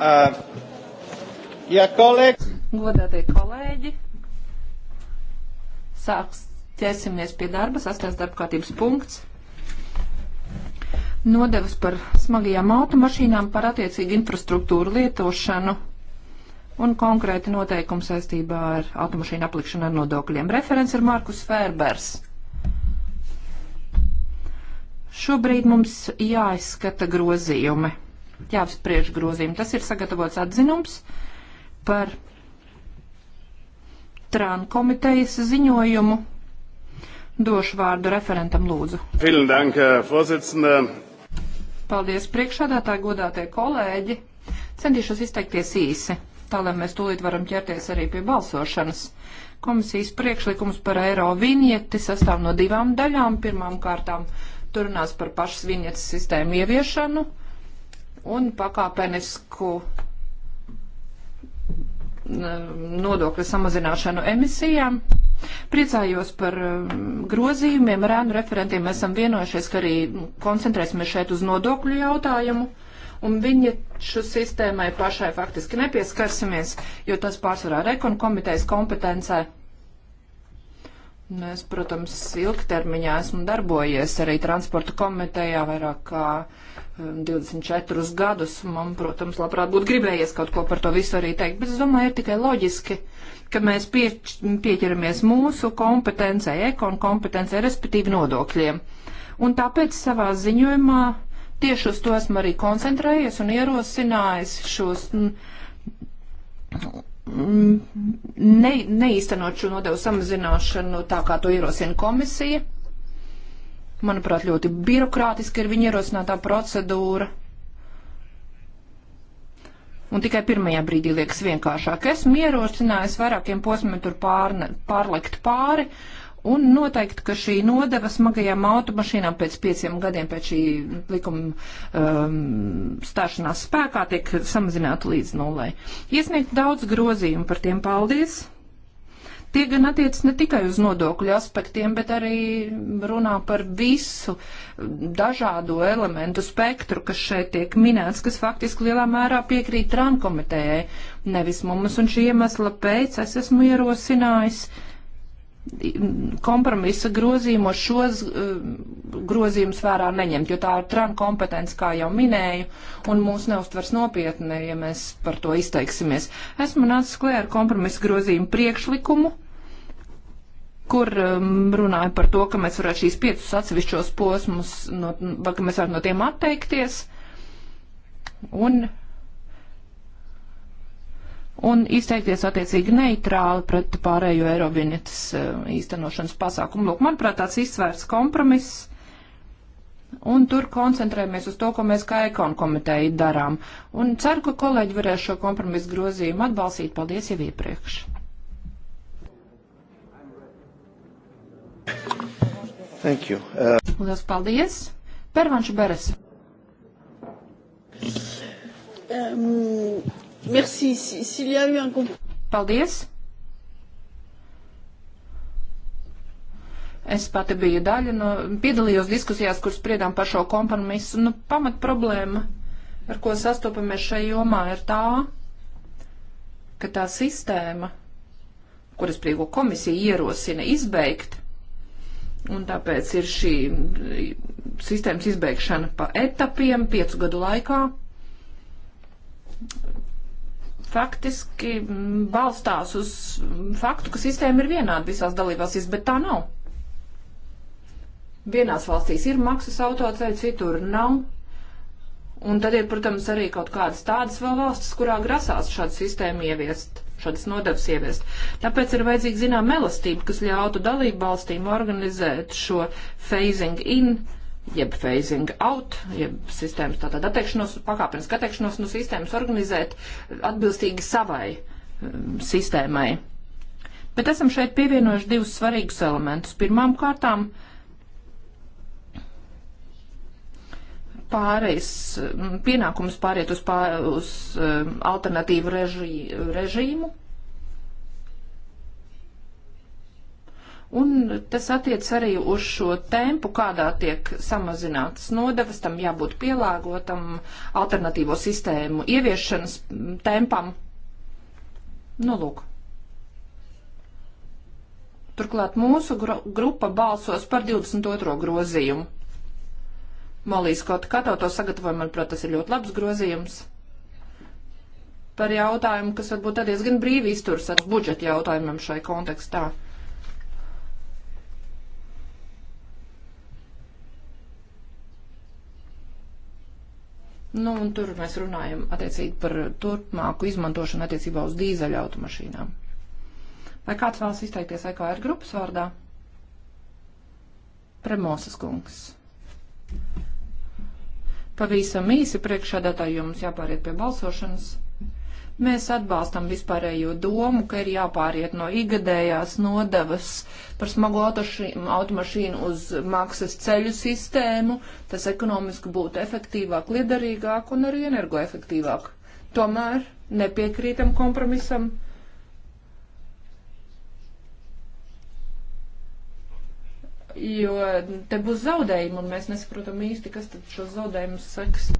Uh, ja kolēģi. Godātie kolēģi, sāks ķersimies pie darba, sastais darba kārtības punkts. Nodevas par smagajām automašīnām par attiecīgu infrastruktūru lietošanu un konkrēti noteikumi saistībā ar automašīnu aplikšanu ar nodokļiem. Referents ir Markus Fērbers. Šobrīd mums jāizskata grozījumi jāapspriež grozījumi. Tas ir sagatavots atzinums par Trānu komitejas ziņojumu. Došu vārdu referentam lūdzu. Dank, Paldies priekšādātāji, godātie kolēģi. Centīšos izteikties īsi, tā lai mēs tūlīt varam ķerties arī pie balsošanas. Komisijas priekšlikums par eiro vinieti sastāv no divām daļām. Pirmām kārtām turpinās par pašas viņetes sistēmu ieviešanu un pakāpenisku nodokļu samazināšanu emisijām. Priecājos par grozījumiem, ar ēnu referentiem esam vienojušies, ka arī koncentrēsimies šeit uz nodokļu jautājumu, un viņa šo sistēmai pašai faktiski nepieskarsimies, jo tas pārsvarā rekonu komitejas kompetencē. Es, protams, ilgtermiņā esmu darbojies arī transporta komitejā vairāk kā 24 um, gadus. Man, protams, labprāt būtu gribējies kaut ko par to visu arī teikt, bet es domāju, ir tikai loģiski, ka mēs pieķeramies mūsu kompetencei, ekonu kompetencei, respektīvi nodokļiem. Un tāpēc savā ziņojumā tieši uz to esmu arī koncentrējies un ierosinājis šos. Mm, Mm, ne, neīstenot šo nodevu samazināšanu tā, kā to ierosina komisija. Manuprāt, ļoti birokrātiski ir viņa ierosinātā procedūra. Un tikai pirmajā brīdī liekas vienkāršāk. Esmu ierosinājis vairākiem posmiem tur pārne, pārlekt pāri Un noteikti, ka šī nodeva smagajām automašīnām pēc pieciem gadiem pēc šī likuma um, stāšanās spēkā tiek samazināta līdz nulai. Iesniegt daudz grozījumu par tiem paldies. Tie gan attiec ne tikai uz nodokļu aspektiem, bet arī runā par visu dažādo elementu spektru, kas šeit tiek minēts, kas faktiski lielā mērā piekrīt Trankomitējai, nevis mums. Un šī iemesla pēc es esmu ierosinājis. Uh, kompromisa grozījumos šos e, grozījumus vērā neņemt, jo tā ir tran kompetence, kā jau minēju, un mūs neustvers nopietni, ja mēs par to izteiksimies. Esmu nācis klē ar kompromisa grozījumu priekšlikumu, kur um, runāja par to, ka mēs varētu šīs piecus atsevišķos posmus, no, vai nu, ka mēs varētu no tiem atteikties. Un un izteikties attiecīgi neitrāli pret pārējo Eirovinietas eh, īstenošanas pasākumu. Lūk, manuprāt, tāds izsvērts kompromiss. Un tur koncentrējamies uz to, ko mēs kā ekonu komiteja darām. Un ceru, ka kolēģi varēs šo kompromisu grozījumu atbalstīt. Paldies jau iepriekš. Thank you. Uh... Lielas paldies. Pervanšu Beres. Um... Merci. S'il y a eu un Paldies. Es pati biju daļa no, piedalījos diskusijās, kur spriedām par šo kompromisu. Nu, pamat problēma, ar ko sastopamies šai jomā, ir tā, ka tā sistēma, kuras prievo komisija ierosina izbeigt, un tāpēc ir šī sistēmas izbeigšana pa etapiem piecu gadu laikā, faktiski mm, balstās uz mm, faktu, ka sistēma ir vienāda visās dalībvalstīs, bet tā nav. Vienās valstīs ir maksas autoceļi, citur nav. Un tad ir, protams, arī kaut kādas tādas vēl valstis, kurā grasās šādu sistēmu ieviest, šādas nodevas ieviest. Tāpēc ir vajadzīga zinām elastība, kas ļautu dalību valstīm organizēt šo phasing in jeb phasing out, jeb sistēmas tātad atteikšanos, pakāpeniski atteikšanos no sistēmas organizēt atbilstīgi savai um, sistēmai. Bet esam šeit pievienojuši divus svarīgus elementus. Pirmām kārtām pārejas, um, pienākums pāriet uz, pār, uz um, alternatīvu reži, režīmu Un tas attiec arī uz šo tempu, kādā tiek samazinātas nodevas, tam jābūt pielāgotam alternatīvo sistēmu ieviešanas tempam. Nu, lūk. Turklāt mūsu gru grupa balsos par 22. grozījumu. Molīs kaut kā to sagatavoja, manuprāt, tas ir ļoti labs grozījums par jautājumu, kas varbūt arī diezgan brīvi izturas ar budžeta jautājumiem šai kontekstā. Nu, un tur mēs runājam attiecīgi par turpmāku izmantošanu attiecībā uz dīzeļa automašīnām. Vai kāds vēlas izteikties EKR grupas vārdā? Premosas kungs. Pavisam īsi priekšādātāji jums jāpāriet pie balsošanas. Mēs atbalstam vispārējo domu, ka ir jāpāriet no igadējās nodevas par smago automašīnu uz maksas ceļu sistēmu. Tas ekonomiski būtu efektīvāk, liederīgāk un arī energoefektīvāk. Tomēr nepiekrītam kompromisam. jo te būs zaudējumi, un mēs nesaprotam īsti, kas tad šos zaudējumus seks.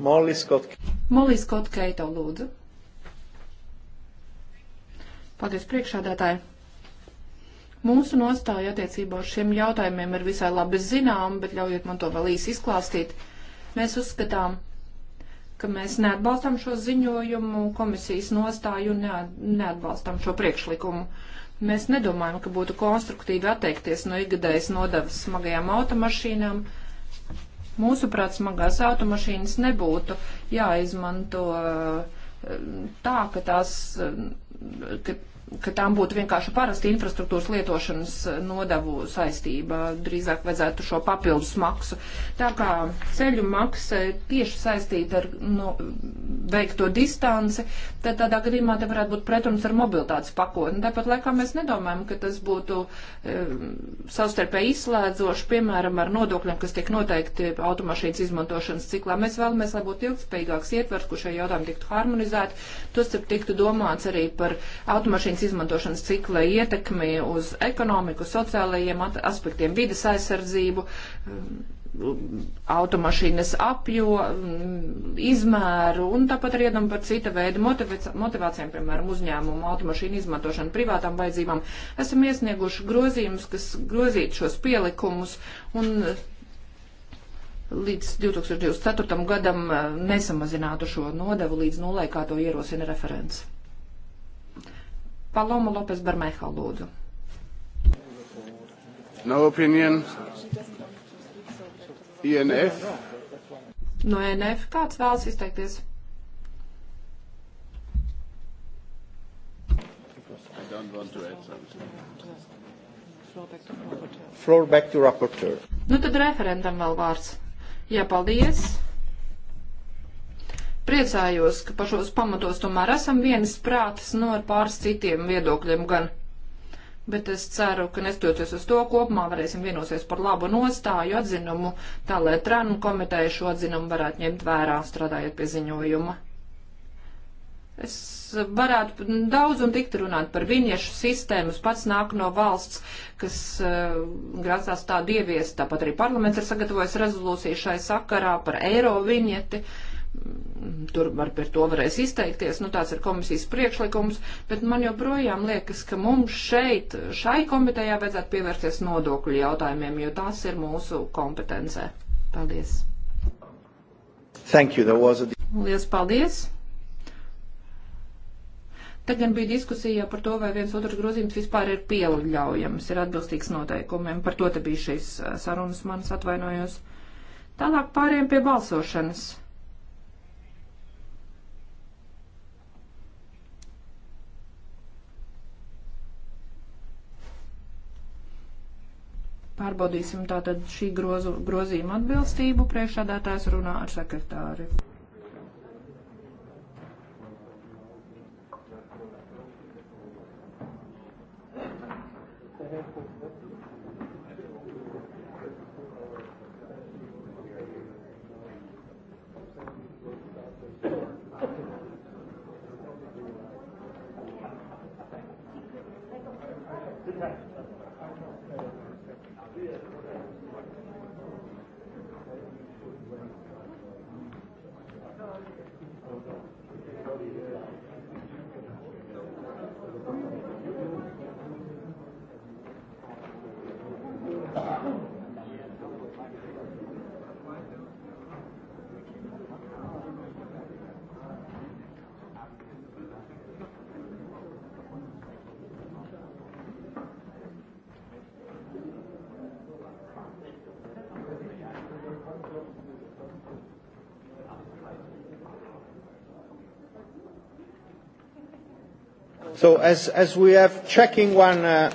Mollis Kotkeito. Mollis Kotkeito, lūdzu. Paldies priekšādātāji. Mūsu nostāja attiecībā ar šiem jautājumiem ir visai labi zinām, bet ļaujiet man to vēl īsi izklāstīt. Mēs uzskatām, ka mēs neatbalstam šo ziņojumu, komisijas nostāju un neatbalstam šo priekšlikumu. Mēs nedomājam, ka būtu konstruktīvi atteikties no ikgadējas nodevas smagajām automašīnām Mūsuprāt, smagās automašīnas nebūtu jāizmanto eh, tā, ka tās, eh, ka ka tām būtu vienkārši parasta infrastruktūras lietošanas eh, nodevu saistība, drīzāk vajadzētu šo papildus maksu. Tā kā ceļu maksa ir tieši saistīta ar nu, veikto distanci, tad tādā gadījumā te varētu būt pretruns ar mobilitātes pakotni. Tāpat laikā mēs nedomājam, ka tas būtu e, savstarpēji izslēdzoši, piemēram, ar nodokļiem, kas tiek noteikti automašīnas izmantošanas ciklā. Mēs vēlamies, lai būtu ilgspējīgāks ietvers, kur šie jautājumi tiktu harmonizēti. Tas tiktu domāts arī par automašīnas ūdens izmantošanas cikla ietekmi uz ekonomiku, sociālajiem aspektiem, vidas aizsardzību, um, automašīnas apjo, um, izmēru un tāpat arī iedomā par cita veida motivācijām, piemēram, uzņēmumu automašīnu izmantošanu privātām vajadzībām. Esam iesnieguši grozījumus, kas grozītu šos pielikumus un līdz 2024. gadam uh, nesamazinātu šo nodevu līdz nulē, kā to ierosina referents. Paloma Lopes Barmeha, lūdzu. No opinion. INF. No INF kāds vēlas izteikties? Floor back to rapporteur. Nu tad referendam vēl vārds. Jā, paldies priecājos, ka pašos pamatos tomēr esam vienas prātas, nu, ar pāris citiem viedokļiem gan. Bet es ceru, ka nestoties uz to kopumā varēsim vienosies par labu nostāju atzinumu, tā lai Tranu komiteja šo atzinumu varētu ņemt vērā, strādājot pie ziņojuma. Es varētu daudz un tikti runāt par viniešu sistēmu. Es pats nāku no valsts, kas uh, eh, grācās tādu ieviest, tāpat arī parlaments ir sagatavojis rezolūciju šai sakarā par eiro vinieti. Uh, Tur var par to varēs izteikties, nu tāds ir komisijas priekšlikums, bet man joprojām liekas, ka mums šeit, šai komitejā vajadzētu pievērsties nodokļu jautājumiem, jo tās ir mūsu kompetencē. Paldies. Thank you. There was a... Lielas paldies. Te gan bija diskusija par to, vai viens otrs grozījums vispār ir pieļaujams, ir atbilstīgs noteikumiem. Par to te bija šīs uh, sarunas, manas atvainojos. Tālāk pāriem pie balsošanas. Pārbaudīsim tātad šī grozu, grozījuma atbilstību. Priekšādātājs runā ar sekretāri. So as, as we have checking one uh,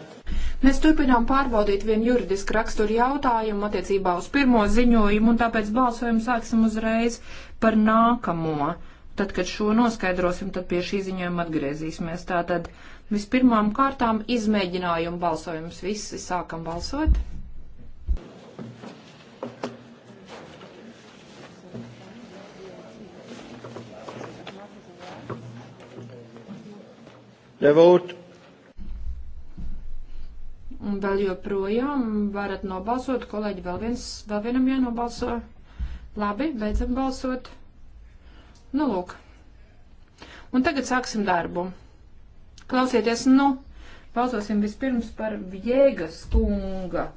Mēs turpinām pārbaudīt vienu juridisku raksturu jautājumu attiecībā uz pirmo ziņojumu, un tāpēc balsojumu sāksim uzreiz par nākamo. Tad, kad šo noskaidrosim, tad pie šī ziņojuma atgriezīsimies. Tātad vispirmām kārtām izmēģinājumu balsojums. Visi sākam balsot. The vote. Un vēl joprojām varat nobalsot, kolēģi, vēl, viens, vēl vienam jānobalso. Labi, beidzam balsot. Nu, lūk. Un tagad sāksim darbu. Klausieties, nu, balsosim vispirms par Vjēgas kunga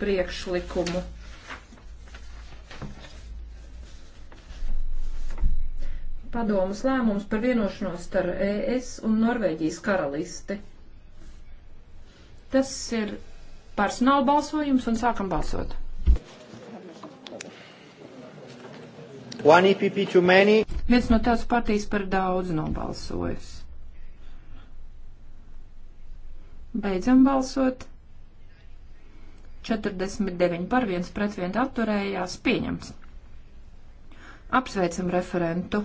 priekšlikumu. padomas lēmums par vienošanos starp ES un Norvēģijas karalisti. Tas ir personāla balsojums un sākam balsot. One EPP too many. Viens no tās partijas par daudz nobalsojas. Beidzam balsot. 49 par 1 pret 1 atturējās pieņems. Apsveicam referentu.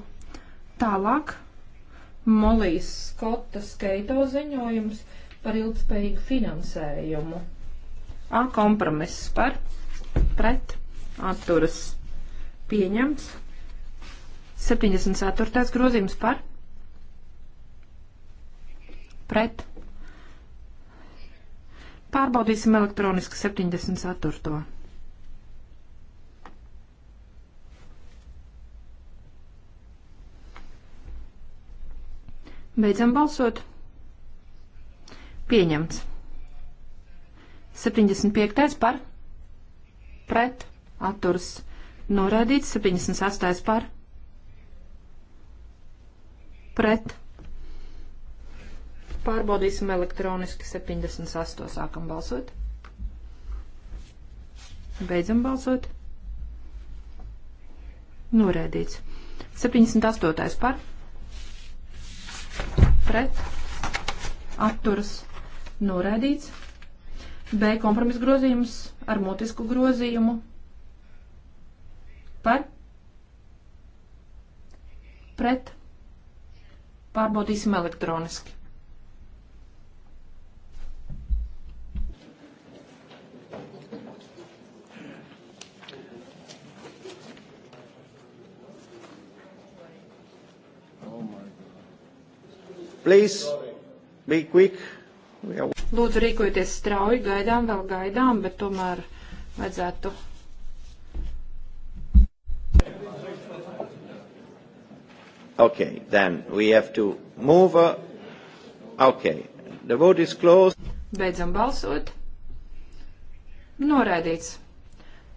Tālāk Molijas Skotta Skeito ziņojums par ilgspējīgu finansējumu. A kompromiss par, pret, atturas pieņemts. 74. grozījums par, pret. Pārbaudīsim elektroniski 74. Beidzam balsot. Pieņemts. 75. par pret atturs norādīts. 78. par pret. Pārbaudīsim elektroniski 78. sākam balsot. Beidzam balsot. Norēdīts. 78. par pret atturas noraidīts. B kompromisa grozījums ar mutisku grozījumu par pret pārbaudīsim elektroniski. Please, be quick. Jau. Lūdzu, rīkojieties strauji, gaidām vēl gaidām, bet tomēr vajadzētu. Okay, then we have to move. Uh, okay, the vote is closed. Beidzam balsot. Noraidīts.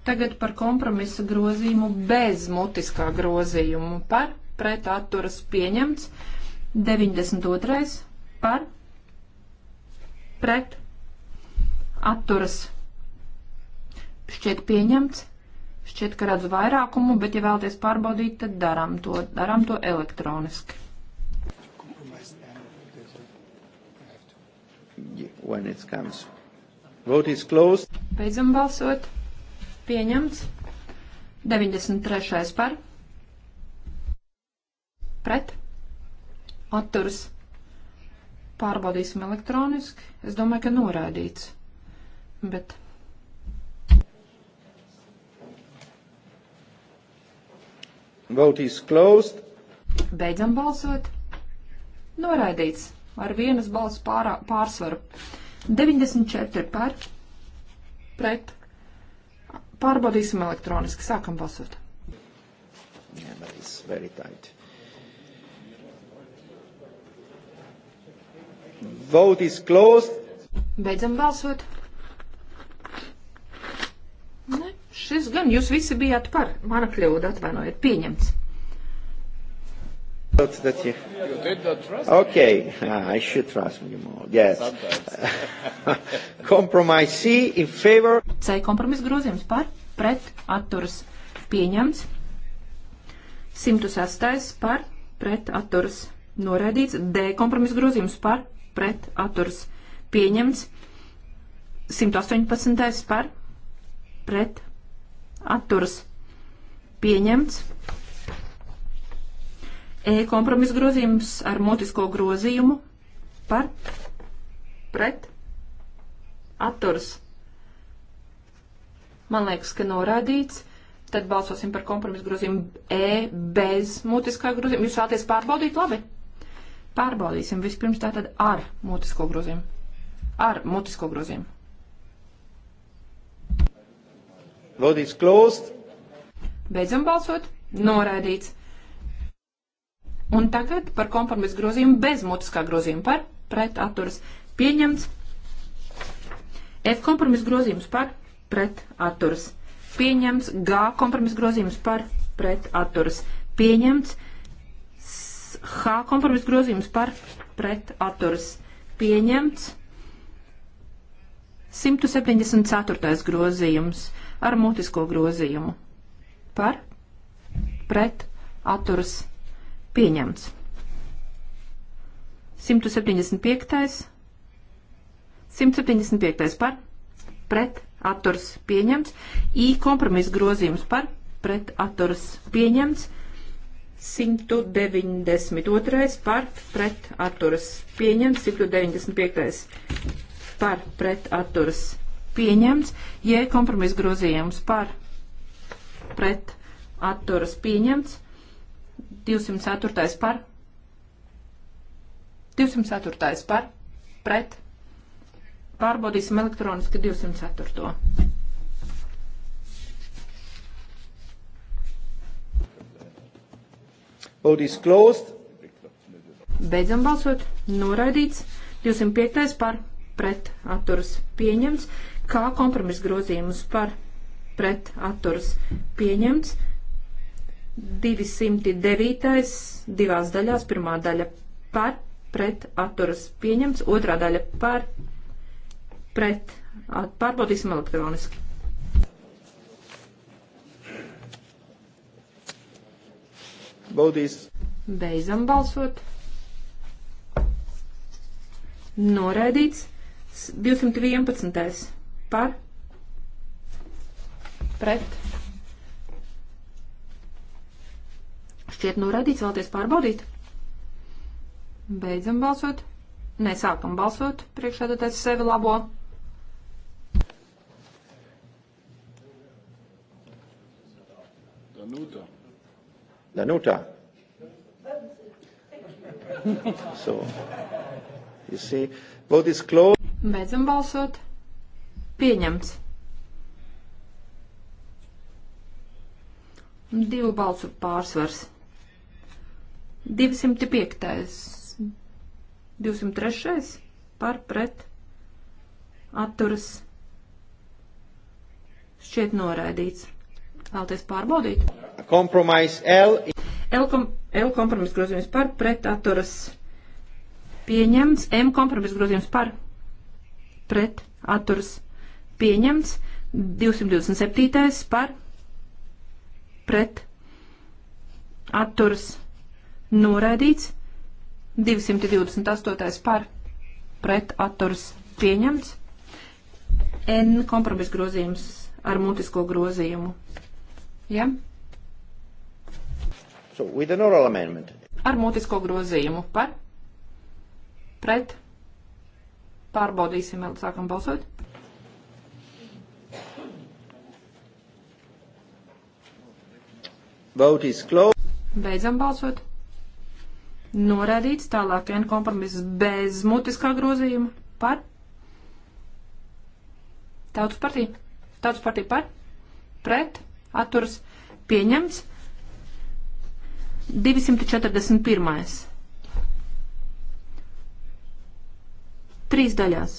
Tagad par kompromisa grozījumu bez mutiskā grozījumu par pret atturas pieņemts. 92. par pret atturas šķiet pieņemts. Šķiet, ka redzu vairākumu, bet ja vēlaties pārbaudīt, tad darām to, darām to elektroniski. When it comes. Vote is closed. Beidzam balsot. Pieņemts. 93. par. Pret atturas. Pārbaudīsim elektroniski. Es domāju, ka noraidīts. Bet. Vote is closed. Beidzam balsot. Noraidīts ar vienas balss pārā, pārsvaru. 94 par pret. Pārbaudīsim elektroniski. Sākam balsot. Yeah, but it's very tight. Vote is closed. Beidzam balsot. Ne, šis gan jūs visi bijāt par. Mana kļūda atvainojiet. Pieņemts. That you... you did not trust okay, me. Ah, I should trust you more. Yes. Compromise C in favor. C kompromis grozījums par, pret, atturas pieņemts. 106. par, pret, atturas noraidīts. D kompromis grozījums par, pret atturs pieņemts. 118. par pret atturs pieņemts. E kompromis grozījums ar mutisko grozījumu par pret atturs. Man liekas, ka norādīts tad balsosim par kompromisu grozījumu E bez mutiskā grozījuma. Jūs vēlaties pārbaudīt? Labi. Pārbaudīsim vispirms tātad ar mutisko grozījumu. Ar mutisko grozījumu. Vote is closed. Beidzam balsot. Noraidīts. Un tagad par kompromisu grozījumu bez mutiskā grozījuma par pret atturas pieņemts. F kompromisu grozījums par pret atturas pieņemts. G kompromisu grozījums par pret atturas pieņemts. H kompromisa grozījums par pret atturas pieņemts. 174. grozījums ar mutisko grozījumu par pret atturas pieņemts. 175. 175. par pret atturas pieņemts. I kompromisa grozījums par pret atturas pieņemts. 192. par pret atturas pieņemts, 195. par pret atturas pieņemts, ja kompromisa grozījums par pret atturas pieņemts, 204. par 204. par pret. Pārbaudīsim elektroniski 204. Vote is closed. Beidzam balsot. Noraidīts. 205. par pret atturas pieņemts. Kā kompromis grozījums par pret atturas pieņemts. 209. divās daļās. Pirmā daļa par pret atturas pieņemts. Otrā daļa par pret. Pārbaudīsim elektroniski. Baudīs. Beidzam balsot. Noraidīts. 211. Par. Pret. Šķiet noraidīts, vēlties pārbaudīt. Beidzam balsot. Nē, sākam balsot. Priekšādātais sevi labo. Danuta. La nota. so, you see, vote is closed. Beidzam balsot. Pieņemts. Divu balsu pārsvars. 205. 203. par pret atturas šķiet noraidīts. Vēlties pārbaudīt? Kompromise L. L, kom, L kompromisa grozījums par pret atturas pieņemts. M kompromisa grozījums par pret atturas pieņemts. 227. par pret atturas noraidīts. 228. par pret atturas pieņemts. N kompromisa grozījums ar mutisko grozījumu Ja? So, with an oral amendment. Ar mutisko grozījumu par, pret, pārbaudīsim, sākam balsot. Vote is closed. Beidzam balsot. Norādīts tālāk vien kompromiss bez mutiskā grozījuma par. Tautas partija. Tautas partija par. Pret atturas pieņemts. 241. Trīs daļās.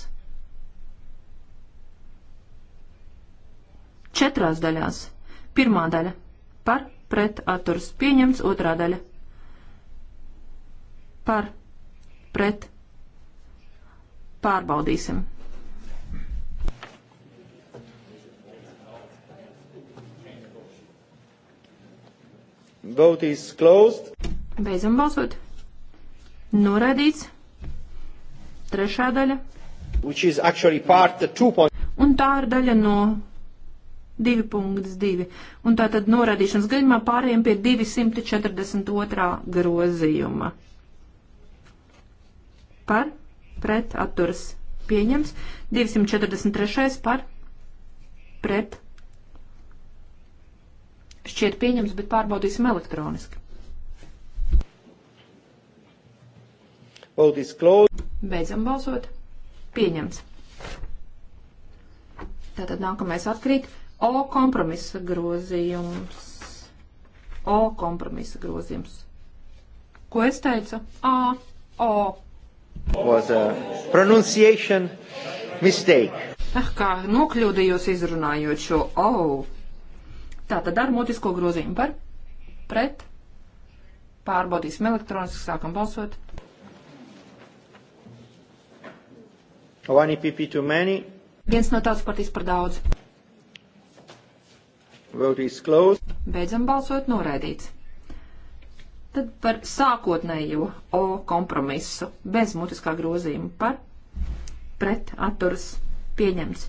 Četrās daļās. Pirmā daļa par pret atturs pieņemts, otrā daļa par pret pārbaudīsim. Vote is closed. Beidzam balsot. Noraidīts. Trešā daļa. Which is actually part 2. Un tā ir daļa no 2.2. Un tā tad noraidīšanas gadījumā pārējiem pie 242. grozījuma. Par pret atturas pieņems. 243. par pret Šķiet pieņems, bet pārbaudīsim elektroniski. Beidzam balsot. Pieņemts. Tātad nākamais atkrīt. O kompromisa grozījums. O kompromisa grozījums. Ko es teicu? A, O. Was a pronunciation mistake. Ah, kā nokļūdījos izrunājot šo O. Tātad ar mutisko grozījumu par pret. Pārbaudīsim elektroniski, sākam balsot. One EPP too many. Viens no tautas partijas par daudz. Vote is closed. Beidzam balsot noraidīts. Tad par sākotnējo O kompromisu bez mutiskā grozījuma par pret atturas pieņemts.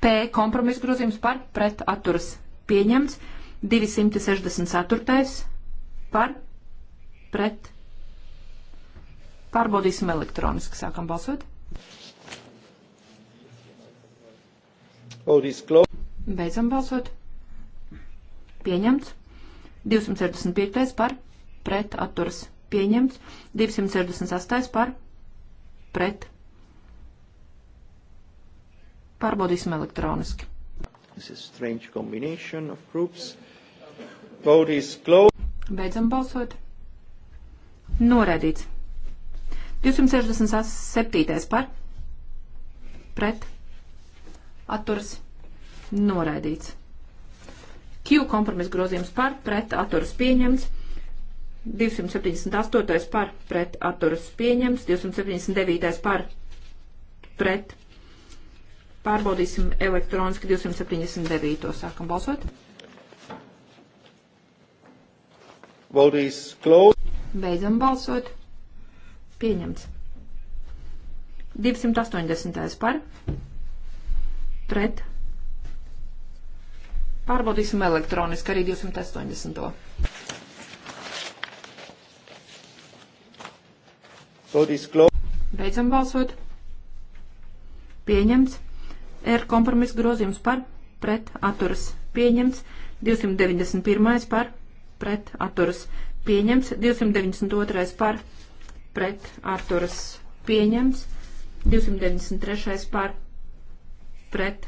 P kompromisa grozījums par pret atturas pieņemts. 264. par pret. Pārbaudīsim elektroniski. Sākam balsot. Beidzam balsot. Pieņemts. 265. par pret atturas pieņemts. 268. par pret Pārbaudīsim elektroniski. Beidzam balsot. Noraidīts. 267. par. Pret. Atturs. Noraidīts. Q kompromisa grozījums par. Pret. Atturs pieņemts. 278. par. Pret. Atturs pieņemts. 279. par. Pret Pārbaudīsim elektroniski 279. Sākam balsot. Beidzam balsot. Pieņemts. 280. par. Pret. Pārbaudīsim elektroniski arī 280. Beidzam balsot. Pieņemts ir kompromisa grozījums par pret atturas pieņemts, 291. par pret atturas pieņemts, 292. par pret atturas pieņemts, 293. par pret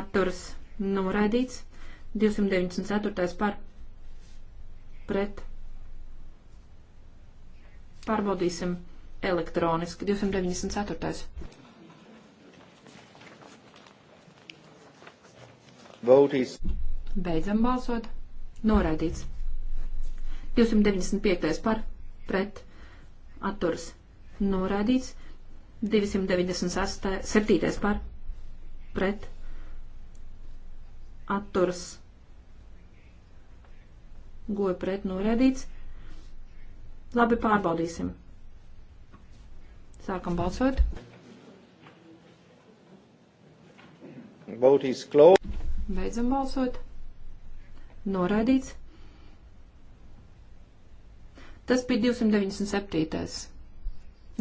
atturas noraidīts, 294. par pret pārbaudīsim elektroniski, 294. Vote is. Beidzam balsot. Noraidīts. 295. par pret atturas. Noraidīts. 297. par pret atturas. Goja pret noraidīts. Labi, pārbaudīsim. Sākam balsot. Vote is closed. Beidzam balsot. Noraidīts. Tas bija 297.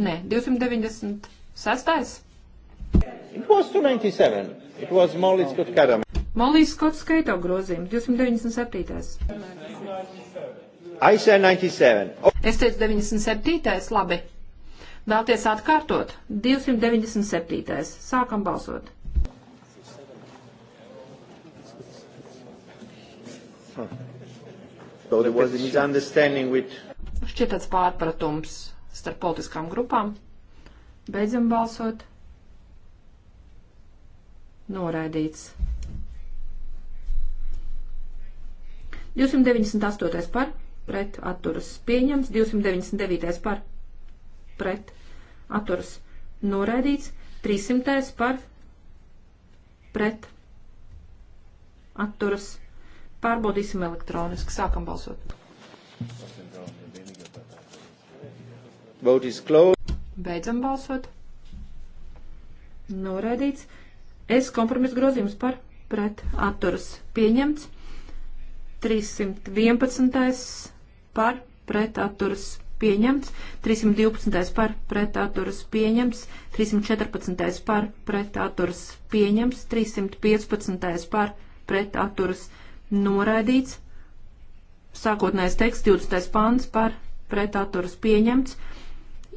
Nē, 296. It was 297. It was Molly Scott Kadam. Molly Scott skaito grozījums 297. I said 97. Oh. Es teicu 97. Labi. Vēlties atkārtot? 297. Sākam balsot. Huh. So there was a misunderstanding with... Šķiet tāds pārpratums starp politiskām grupām. Beidzam balsot. Noraidīts. 298. par pret atturas pieņems, 299. par pret atturas noraidīts, 300. par pret atturas pieņems Pārbaudīsim elektroniski. Sākam balsot. Beidzam balsot. Noraidīts. Es kompromisu grozījums par pret atturas pieņemts. 311. par pret atturas pieņemts. 312. par pret atturas pieņemts. 314. par pret atturas pieņemts. 315. par pret atturas pieņemts noraidīts. Sākotnējais teksts 20. pants par pretaturas pieņemts.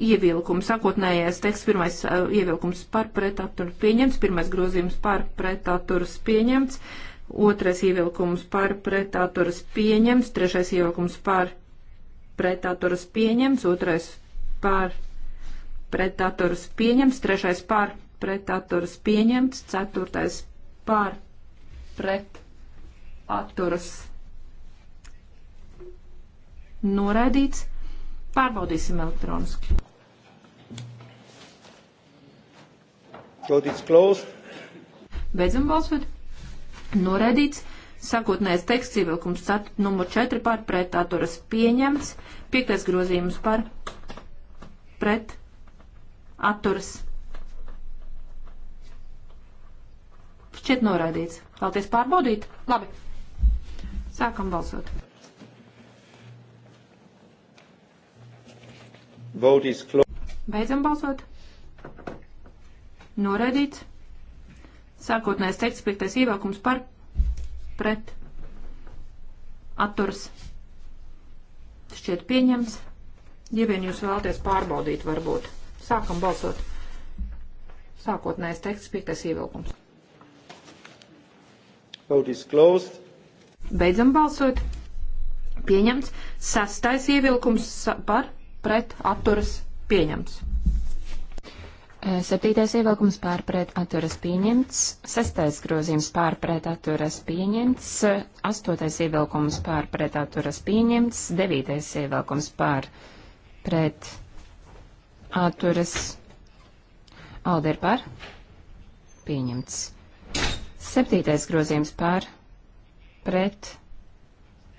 Ievilkums. Sākotnējais teksts pirmais uh, ievilkums par pretaturas pieņemts. Pirmais grozījums par pretaturas pieņemts. Otrais ievilkums par pretaturas pieņemts. Trešais ievilkums par pretaturas pieņemts. Otrais par pretaturas pieņemts. Trešais par pretaturas pieņemts. Ceturtais par pretaturas atturas noraidīts. Pārbaudīsim elektroniski. Beidzam balsot. Noraidīts. Sākotnējais teksts ievilkums numur 4 par pret atturas pieņemts. Piektais grozījums par pret atturas. Šķiet noraidīts. Vēlties pārbaudīt? Labi. Sākam balsot. Beidzam balsot. Noraidīts. Sākotnējais teksts, piektais ievākums par pret atturs šķiet pieņems. Ja vien jūs vēlaties pārbaudīt, varbūt. Sākam balsot. Sākotnējais teksts, piektais ievilkums. Vote is closed. Beidzam balsot. Pieņemts. Sastais ievilkums par pret atturas pieņemts. Eh, septītais ievilkums pārpret atturas pieņemts, sestais grozījums pārpret atturas pieņemts, astotais ievilkums pārpret atturas pieņemts, devītais ievilkums pārpret atturas alder par pieņemts. Septītais grozījums pārpret pret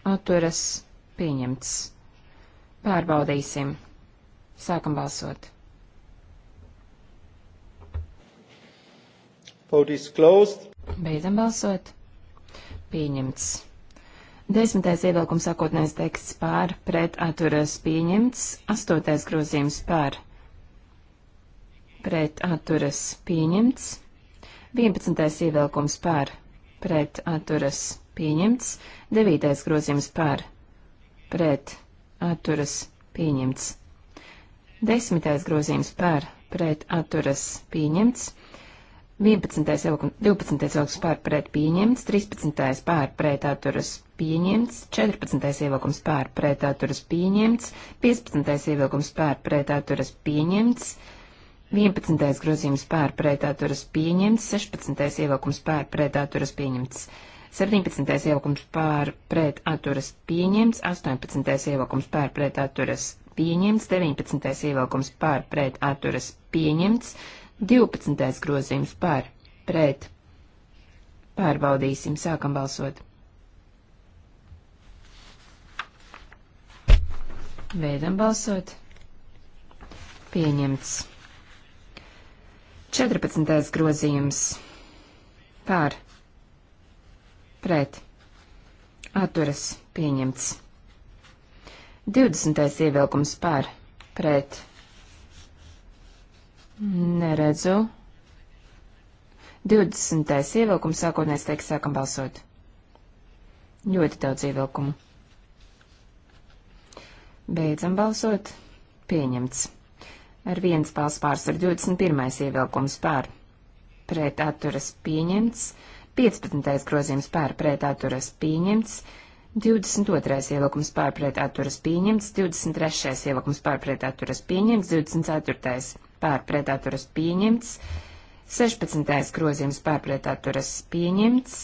atturas pieņemts. Pārbaudīsim. Sākam balsot. Vote is closed. Beidzam balsot. Pieņemts. Desmitais ievilkums sākotnējais teksts pār, pret atturas pieņemts. Astotais grozījums pār, pret atturas pieņemts. Vienpadsmitais ievilkums pār, pret atturas pieņemts, 9. grozījums par, pret, atturas, pieņemts, 10. grozījums par, pret, atturas, pieņemts, 11. augums, 12. augums pār pret pieņemts, 13. pār pret atturas pieņemts, 14. ievilkums pār pret atturas pieņemts, 15. ievilkums pār pret atturas pieņemts, 11. grozījums pār pret atturas pieņemts, 16. ievilkums pār pret atturas pieņemts, 17. ievilkums pār pret atturas pieņemts, 18. ievilkums pār pret atturas pieņemts, 19. ievilkums pār pret atturas pieņemts, 12. grozījums pār pret. Pārbaudīsim, sākam balsot. Beidzam balsot. Pieņemts. 14. grozījums. Pār pret, atturas, pieņemts. 20. ievilkums par, pret, neredzu. 20. ievilkums sākotnēs teiks sākam balsot. Ļoti daudz ievilkumu. Beidzam balsot. Pieņemts. Ar viens balss pārsvaru 21. ievilkums pār. Pret atturas pieņemts. 15. grozījums pārpret atturas pieņemts, 22. ievilkums pārpret atturas pieņemts, 23. ievilkums pārpret atturas pieņemts, 24. pārpret atturas pieņemts, 16. grozījums pārpret atturas pieņemts,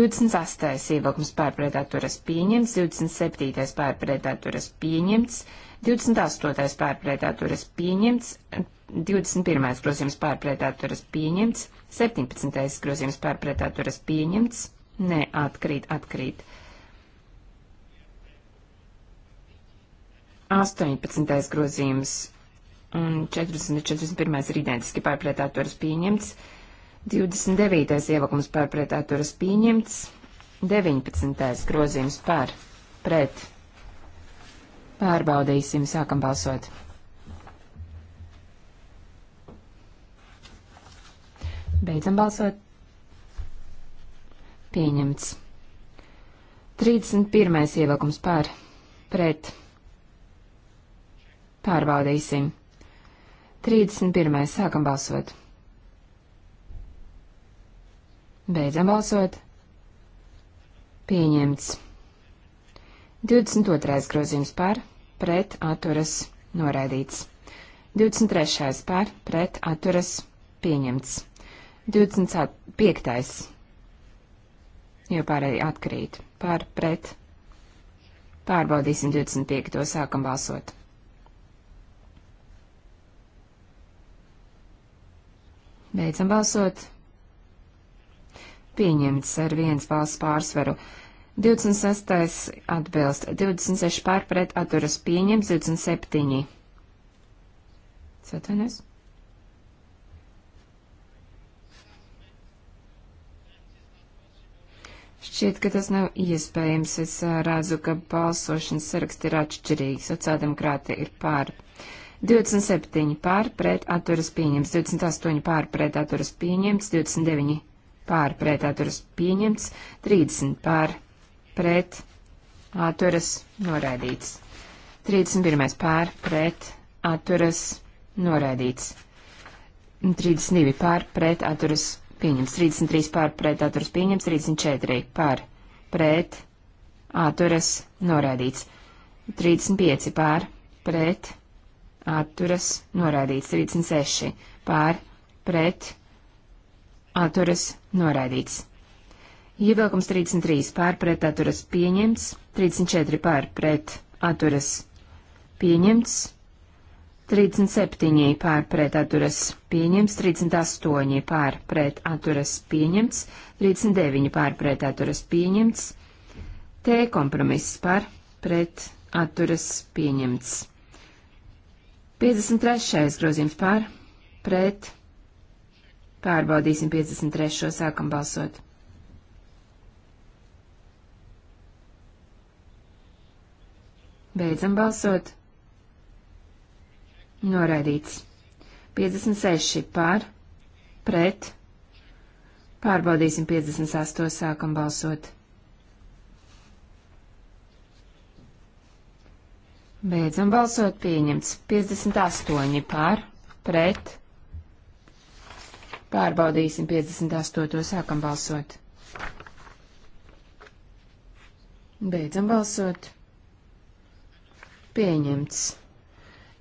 28. ievilkums pārpret atturas pieņemts, 27. pārpret atturas pieņemts, 28. pārpret atturas pieņemts, 21. grozījums pārpretā turas pieņemts, 17. grozījums pārpretā turas pieņemts, nē, atkrīt, atkrīt. 18. grozījums un 40. 41. ir identiski pārpretā turas pieņemts, 29. ievakums pārpretā turas pieņemts, 19. grozījums pār, pret. Pārbaudīsim, sākam balsot. Beidzam balsot. Pieņemts. 31. ievilkums pār. Pret. Pārbaudīsim. 31. sākam balsot. Beidzam balsot. Pieņemts. 22. grozījums pār. Pret. Atturas. Noraidīts. 23. pār. Pret. Atturas. Pieņemts. 25. jo pārējie atkrīt. Pār pret. Pārbaudīsim 25. sākam balsot. Beidzam balsot. Pieņemts ar viens balss pārsvaru. 26. atbilst, 26 pārpret atturas pieņemts, 27. Satvainojos. Šķiet, ka tas nav iespējams. Es redzu, ka balsošanas saraksti ir atšķirīgi. Sociāldemokrāti ir pār. 27 pār pret atturas pieņemts, 28 pār pret atturas pieņemts, 29 pār pret atturas pieņemts, 30 pār pret atturas noraidīts. 31 pār pret atturas noraidīts. 32 pār pret atturas pieņems 33 pār pret atturas pieņems 34 pār pret atturas norādīts 35 pār pret atturas norādīts 36 pār pret atturas norādīts. Ievilkums 33 pār pret atturas pieņemts, 34 pār pret atturas pieņemts, 37 pār pret atturas pieņemts, 38 pār pret atturas pieņemts, 39 pār pret atturas pieņemts, T kompromiss par pret atturas pieņemts. 53. grozījums pār pret pārbaudīsim 53. sākam balsot. Beidzam balsot. Noraidīts. 56 par, pret. Pārbaudīsim 58, sākam balsot. Beidzam balsot pieņemts. 58 par, pret. Pārbaudīsim 58, sākam balsot. Beidzam balsot. Pieņemts.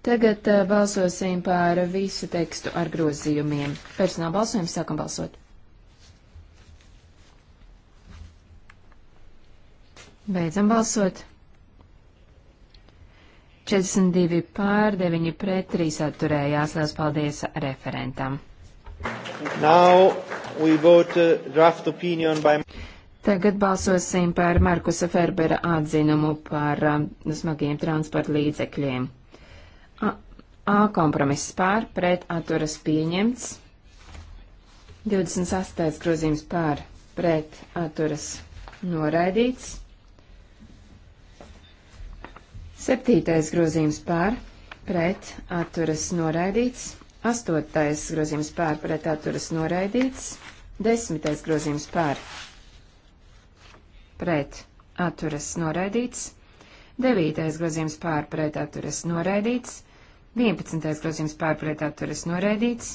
Tagad uh, balsosim par visu tekstu ar grozījumiem. Personāla balsojums sākam balsot. Beidzam balsot. 42 pār 9 pret 3 atturējās. Lielas paldies referentam. Eh, by... Tagad balsosim par Markusa Ferbera atzinumu par um, smagiem transporta līdzekļiem. A kompromiss pār, pret atturas pieņemts. 28. grozījums pār, pret atturas noraidīts. 7. grozījums pār, pret atturas noraidīts. 8. grozījums pār, pret atturas noraidīts. 10. grozījums pār, pret atturas noraidīts. 9. grozījums pār, pret atturas noraidīts. 11. grozījums pārpret atturas noraidīts.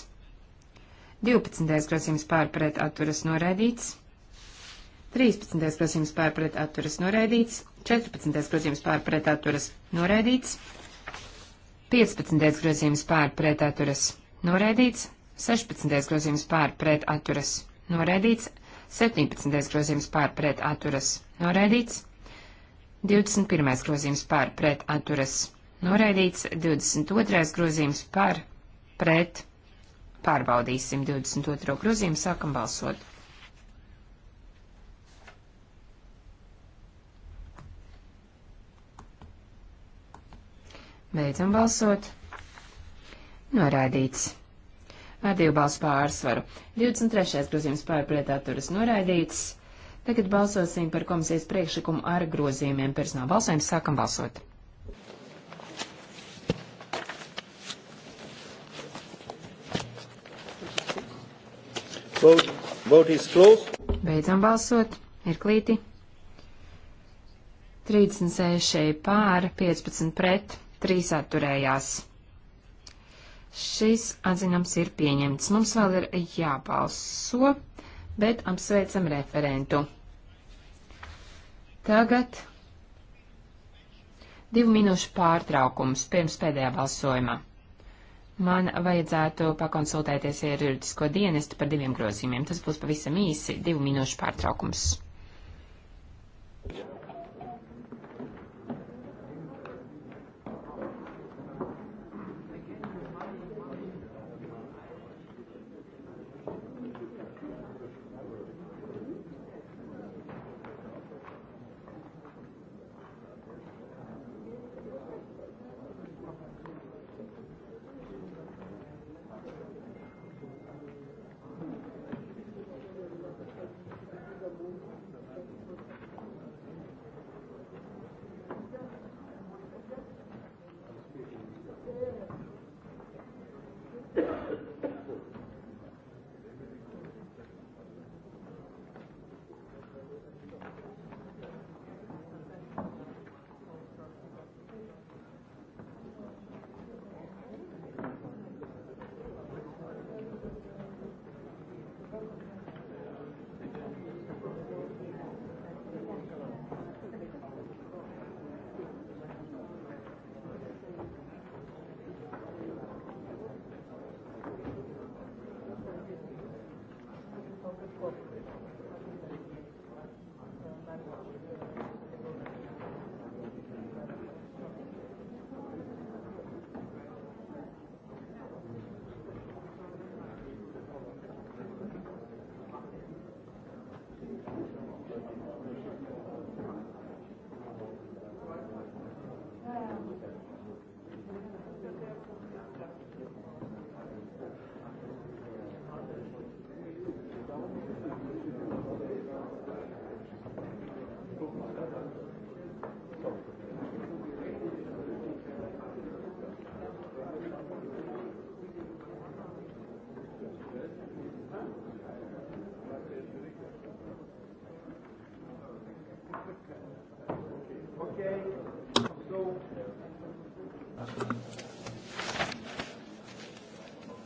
12. grozījums pārpret atturas noraidīts. 13. grozījums pārpret atturas noraidīts. 14. grozījums pārpret atturas noraidīts. 15. grozījums pārpret atturas noraidīts. 16. grozījums pārpret atturas noraidīts. 17. grozījums pārpret atturas noraidīts. 21. grozījums pārpret atturas noraidīts. Noraidīts 22. grozījums par pret. Pārbaudīsim 22. grozījumu, sākam balsot. Beidzam balsot. Noraidīts. Ar divu balsu pārsvaru. 23. grozījums pārpretā turas noraidīts. Tagad balsosim par komisijas priekšlikumu ar grozījumiem. Personāla balsojums sākam balsot. Vote, vote is closed. Beidzam balsot. Ir klīti. 36 pār, 15 pret, 3 atturējās. Šis atzinums ir pieņemts. Mums vēl ir jābalso, bet apsveicam referentu. Tagad divu minūšu pārtraukums pirms pēdējā balsojuma man vajadzētu pakonsultēties ar juridisko dienestu par diviem grozījumiem. Tas būs pavisam īsi, divu minūšu pārtraukums. Yeah.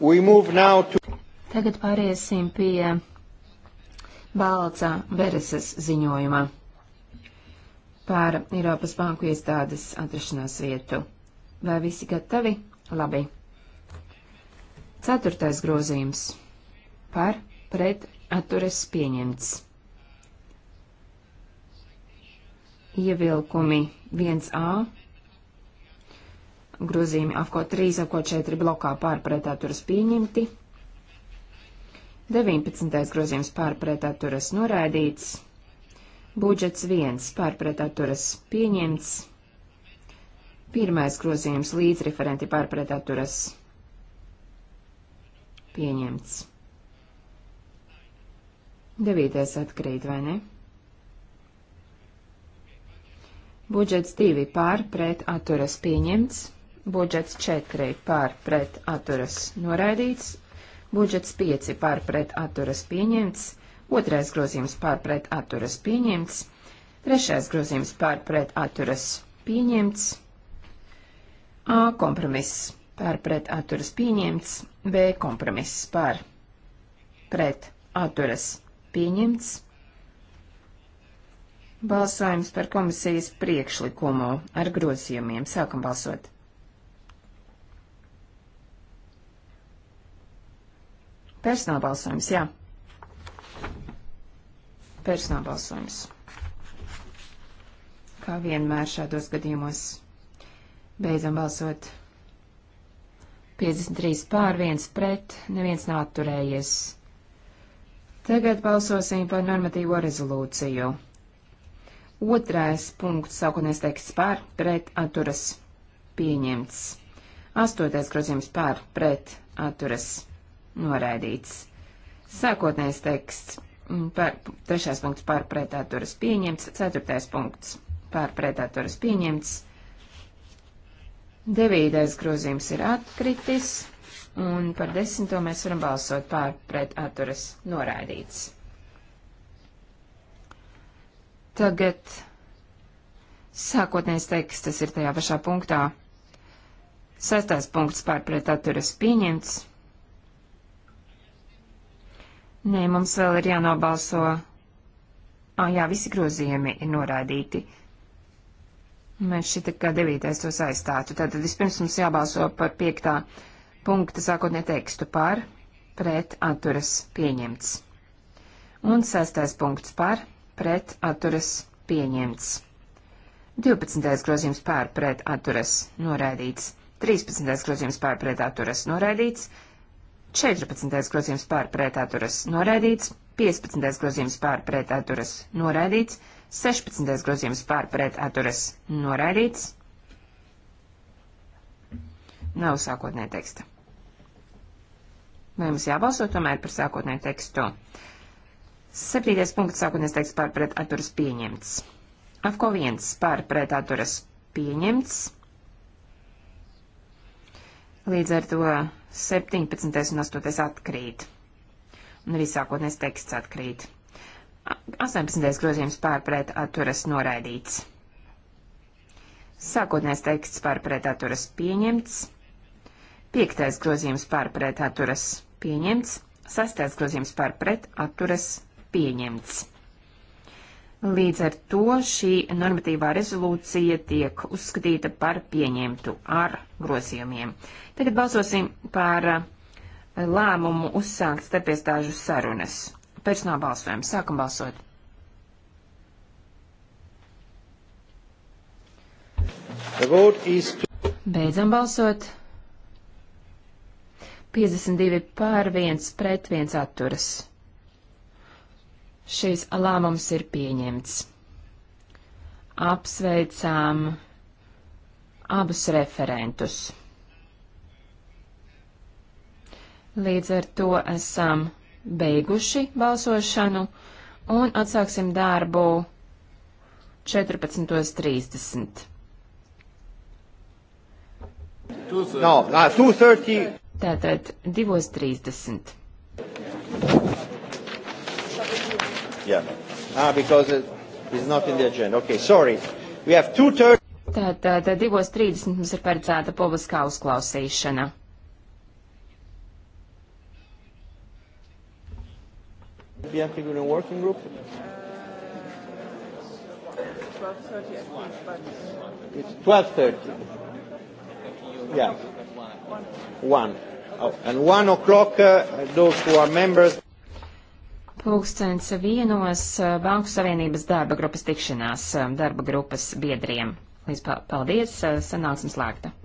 To... Tagad pāriesim pie Balca Bereses ziņojuma par Eiropas banku iestādes atrašanās vietu. Vai visi gatavi? Labi. Ceturtais grozījums par pret atturas pieņemts. Ievilkumi 1A grozījumi AFCO 3, AFCO 4 blokā pārpretā turas pieņemti. 19. grozījums pārpretā turas noraidīts. Budžets 1 pārpretā turas pieņemts. Pirmais grozījums līdzreferenti pārpretā turas pieņemts. Devītais atkrīt, vai ne? Budžets divi pār pret atturas pieņemts budžets 4 pār pret atturas noraidīts, budžets 5 pār pret atturas pieņemts, otrais grozījums pār pret atturas pieņemts, trešais grozījums pār pret atturas pieņemts, A kompromiss pār pret atturas pieņemts, B kompromiss pār pret atturas pieņemts. Balsojums par komisijas priekšlikumu ar grozījumiem. Sākam balsot. Personāla balsojums, jā. Personāla balsojums. Kā vienmēr šādos gadījumos. Beidzam balsot. 53 pār 1 pret, neviens nav atturējies. Tagad balsosim par normatīvo rezolūciju. Otrais punkts, sākotnēs teksts pār, pret, atturas, pieņemts. Astotais grozījums pār, pret, atturas, pieņemts noraidīts. Sākotnējais teksts mm, par, trešais punkts par pretāturas pieņemts, ceturtais punkts par pretāturas pieņemts, devītais grozījums ir atkritis, un par desmito mēs varam balsot par pretāturas noraidīts. Tagad sākotnējais teksts, tas ir tajā pašā punktā. Sestais punkts pārpret atturas pieņemts. Nē, mums vēl ir jānobalso. Ah, jā, visi grozījumi ir norādīti. Mēs šitā kā devītais tos aizstātu. Tātad vispirms mums jābalso par piektā punkta sākotnē tekstu par, pret, atturas, pieņemts. Un sestais punkts par, pret, atturas, pieņemts. 12. grozījums pārpret atturas noraidīts, 13. grozījums pārpret atturas noraidīts, 14. grozījums pārpretāturas noraidīts, 15. grozījums pārpretāturas noraidīts, 16. grozījums pārpretāturas noraidīts. Nav sākotnē teksta. Vai mums jābalso tomēr par sākotnē tekstu? Septītais punkts sākotnēs teksts pārpretāturas pieņemts. Afko viens pārpretāturas pieņemts. Līdz ar to 17. un 8. atkrīt. Un arī sākotnēs teksts atkrīt. 18. grozījums pārpret atturas noraidīts. Sākotnēs teksts pārpret atturas pieņemts. 5. grozījums pārpret atturas pieņemts. 6. grozījums pārpret atturas pieņemts. Līdz ar to šī normatīvā rezolūcija tiek uzskatīta par pieņemtu ar grozījumiem. Tagad balsosim par eh, lēmumu uzsākt starpiestāžu sarunas. Pēc nobalsojuma sākam balsot. Is... Beidzam balsot. 52 pār 1 pret 1 atturas šīs lēmums ir pieņemts. Apsveicām abus referentus. Līdz ar to esam beiguši balsošanu un atsāksim darbu 14.30. No, 2.30. Uh, Tātad 2.30. Yeah. Ah, because it's not in the agenda. Okay, sorry. We have two thirds. Tātad divos trīsdesmit mums ir paredzēta publiskā uzklausīšana. Bianchigulin working group? Uh, 12.30, I think, but... It's 12.30. Yeah. One. Oh, and one o'clock, uh, those who are members... Pūkstens vienos eh, Banku Savienības darba grupas tikšanās eh, darba grupas biedriem. Līdz paldies, eh, sanāksim slēgta.